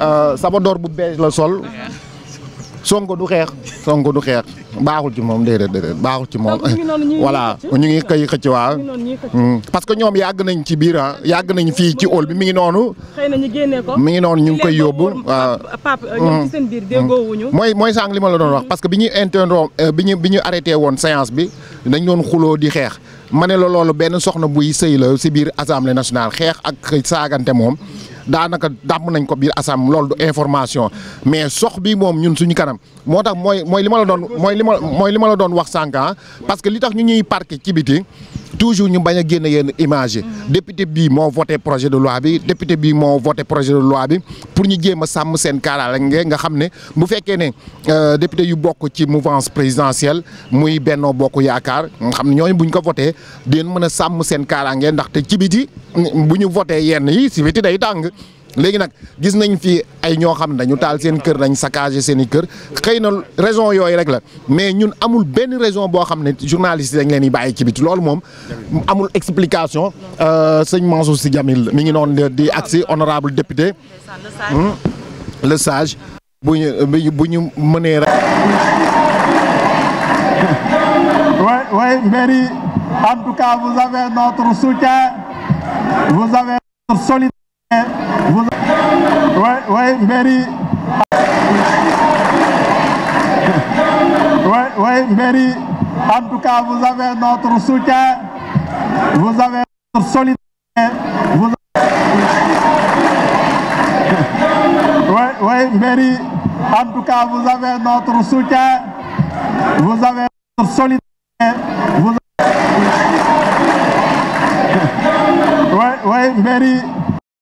Euh, sabadoor bu bees la sol sonko du xeex sonko du xeex baaxul ci moom déedéet déedéet baaxul ci moom voilà ah, ñu ngi koy xëcc waa mm. parce que ñoom yàgg nañ ci biir ah yàgg nañ fii ci óol bi mi ngi noonu mi ngi noonu ñu ngi koy yóbbu waaw euh, mm. mm. mooy mooy sànq li ma la doon wax parce que bi ñuy interrompre euh, bi ñu bi ñu arrêté woon séance bi dañ doon xuloo di xeex ma ne la loolu benn soxna buy sëy la si biir assemblée nationale xeex ak saagante moom daanaka dàmm nañ ko biir asam loolu du information mais sox bi moom ñun suñu kanam moo tax mooy mooy li ma la doon mooy li ma ma la doon wax sànqan ah, parce que li tax ñu ñuy parqué ci biti toujours ñu bañ a génn yenn image yi mm-hmm. député bii moo voté projet de loi bi député bii moo voté projet de loi bi pour ñu jéem a sàmm seen kaaraange nga xam ne bu fekkee ne euh, député yu bokk ci mouvance présidentielle muy Benno Bokk Yaakaar nga xam ne ñooñu buñ ko voté dinañ mën a sàmm seen kaaraange ndaxte ci biti bu ñu voté yenn yi si biti day tàng léegi nag gis nañ fi ay ñoo xam ne dañu taal seen kër dañ saccagé seen i kër xëy na raison yooyu rek la mais ñun amul benn raison boo xam ne journaliste yi dañ leen di bàyyi ci biti loolu moom amul explication euh, sëñ Mansour Sy Djamil mi ngi noonu di agsi honorable député hmm? le sage bu ñu bu ñu mënee rek Ouais, ouais, Mbéri. Ouais, ouais, Mbéri. En tout cas, vous avez notre soutien, vous avez notre solidarité, vous avez... Ouais, ouais, Mbéri. En tout cas, vous avez notre